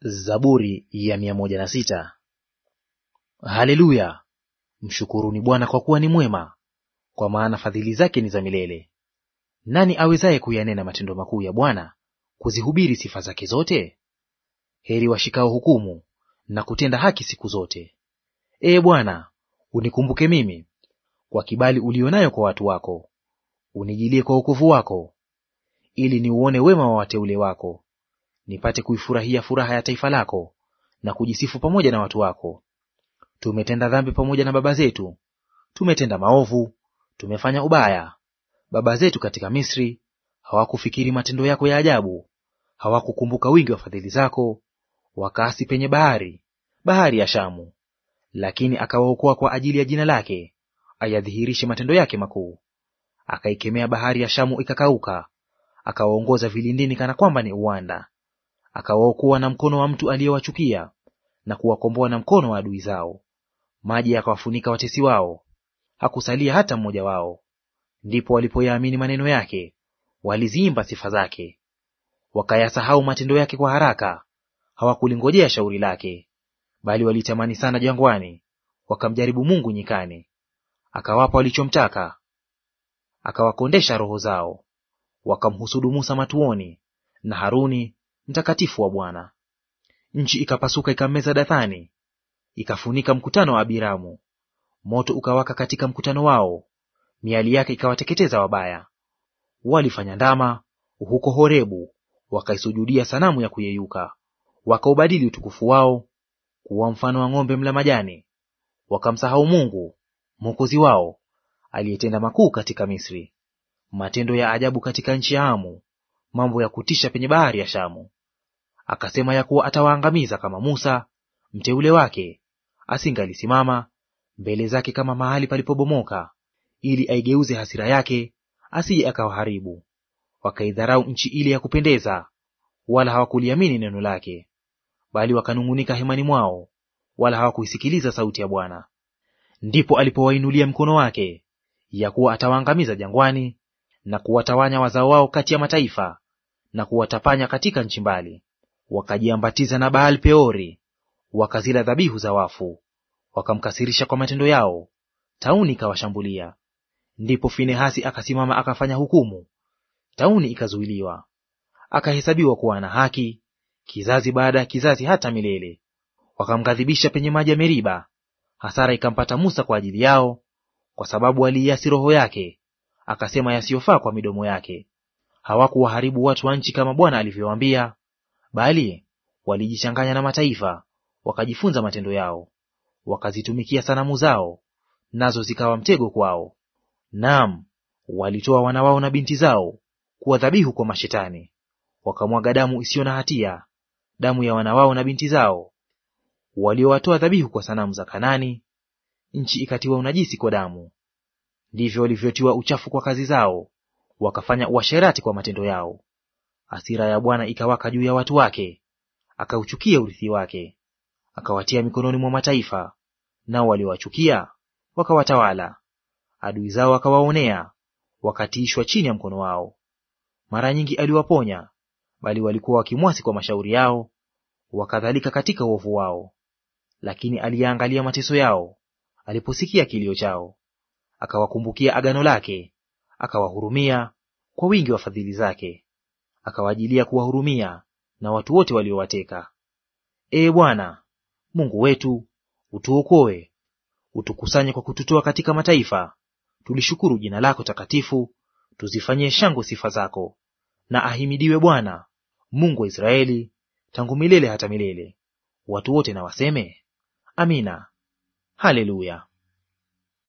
Zaburi ya mia moja na sita. Haleluya! Mshukuruni Bwana kwa kuwa ni mwema, kwa maana fadhili zake ni za milele. Nani awezaye kuyanena matendo makuu ya Bwana, kuzihubiri sifa zake zote? Heri washikao hukumu na kutenda haki siku zote. Ee Bwana, unikumbuke mimi kwa kibali ulionayo nayo kwa watu wako, unijilie kwa wokovu wako, ili niuone wema wa wateule wako nipate kuifurahia furaha ya taifa lako na kujisifu pamoja na watu wako. Tumetenda dhambi pamoja na baba zetu, tumetenda maovu, tumefanya ubaya. Baba zetu katika Misri hawakufikiri matendo yako ya ajabu, hawakukumbuka wingi wa fadhili zako, wakaasi penye bahari, bahari ya Shamu. Lakini akawaokoa kwa ajili ya jina lake, ayadhihirishe matendo yake makuu. Akaikemea bahari ya Shamu ikakauka, akawaongoza vilindini kana kwamba ni uwanda akawaokoa na mkono wa mtu aliyewachukia na kuwakomboa na mkono wa adui zao. Maji yakawafunika watesi wao, hakusalia hata mmoja wao. Ndipo walipoyaamini maneno yake, waliziimba sifa zake. Wakayasahau matendo yake kwa haraka, hawakulingojea shauri lake, bali walitamani sana jangwani, wakamjaribu Mungu nyikani. Akawapa walichomtaka, akawakondesha roho zao. Wakamhusudu Musa matuoni na Haruni mtakatifu wa Bwana. Nchi ikapasuka ikameza Dathani, ikafunika mkutano wa Abiramu. Moto ukawaka katika mkutano wao, miali yake ikawateketeza wabaya. Walifanya ndama huko Horebu, wakaisujudia sanamu ya kuyeyuka. Wakaubadili utukufu wao kuwa mfano wa ng'ombe mla majani, wakamsahau Mungu mwokozi wao aliyetenda makuu katika Misri, matendo ya ajabu katika nchi ya Amu, mambo ya kutisha penye bahari ya Shamu akasema ya kuwa atawaangamiza kama Musa mteule wake asingalisimama mbele zake kama mahali palipobomoka, ili aigeuze hasira yake asije akawaharibu. Wakaidharau nchi ile ya kupendeza, wala hawakuliamini neno lake, bali wakanung'unika hemani mwao, wala hawakuisikiliza sauti ya Bwana. Ndipo alipowainulia mkono wake ya kuwa atawaangamiza jangwani na kuwatawanya wazao wao kati ya mataifa na kuwatapanya katika nchi mbali wakajiambatiza na Baal Peori, wakazila dhabihu za wafu, wakamkasirisha kwa matendo yao, tauni ikawashambulia. Ndipo Finehasi akasimama akafanya hukumu, tauni ikazuiliwa, akahesabiwa kuwa ana haki kizazi baada ya kizazi hata milele. Wakamghadhibisha penye maji ya Meriba. Hasara ikampata Musa kwa ajili yao, kwa sababu aliiasi roho yake, akasema yasiyofaa kwa midomo yake. Hawakuwaharibu watu wa nchi kama Bwana alivyowaambia, bali walijichanganya na mataifa, wakajifunza matendo yao, wakazitumikia sanamu zao, nazo zikawa mtego kwao. Naam, walitoa wana wao na binti zao kuwa dhabihu kwa mashetani, wakamwaga damu isiyo na hatia, damu ya wana wao na binti zao waliowatoa dhabihu kwa sanamu za Kanani, nchi ikatiwa unajisi kwa damu. Ndivyo walivyotiwa uchafu kwa kazi zao, wakafanya uasherati kwa matendo yao. Hasira ya Bwana ikawaka juu ya watu wake, akauchukia urithi wake. Akawatia mikononi mwa mataifa, nao waliowachukia wakawatawala. Adui zao akawaonea, wakatiishwa chini ya mkono wao. Mara nyingi aliwaponya, bali walikuwa wakimwasi kwa mashauri yao, wakadhalika katika uovu wao. Lakini aliyaangalia mateso yao aliposikia kilio chao. Akawakumbukia agano lake, akawahurumia kwa wingi wa fadhili zake akawaajilia kuwahurumia na watu wote waliowateka. Ee Bwana Mungu wetu, utuokoe, utukusanye kwa kututoa katika mataifa, tulishukuru jina lako takatifu, tuzifanyie shangwe sifa zako. Na ahimidiwe Bwana Mungu wa Israeli tangu milele hata milele. Watu wote na waseme Amina. Haleluya.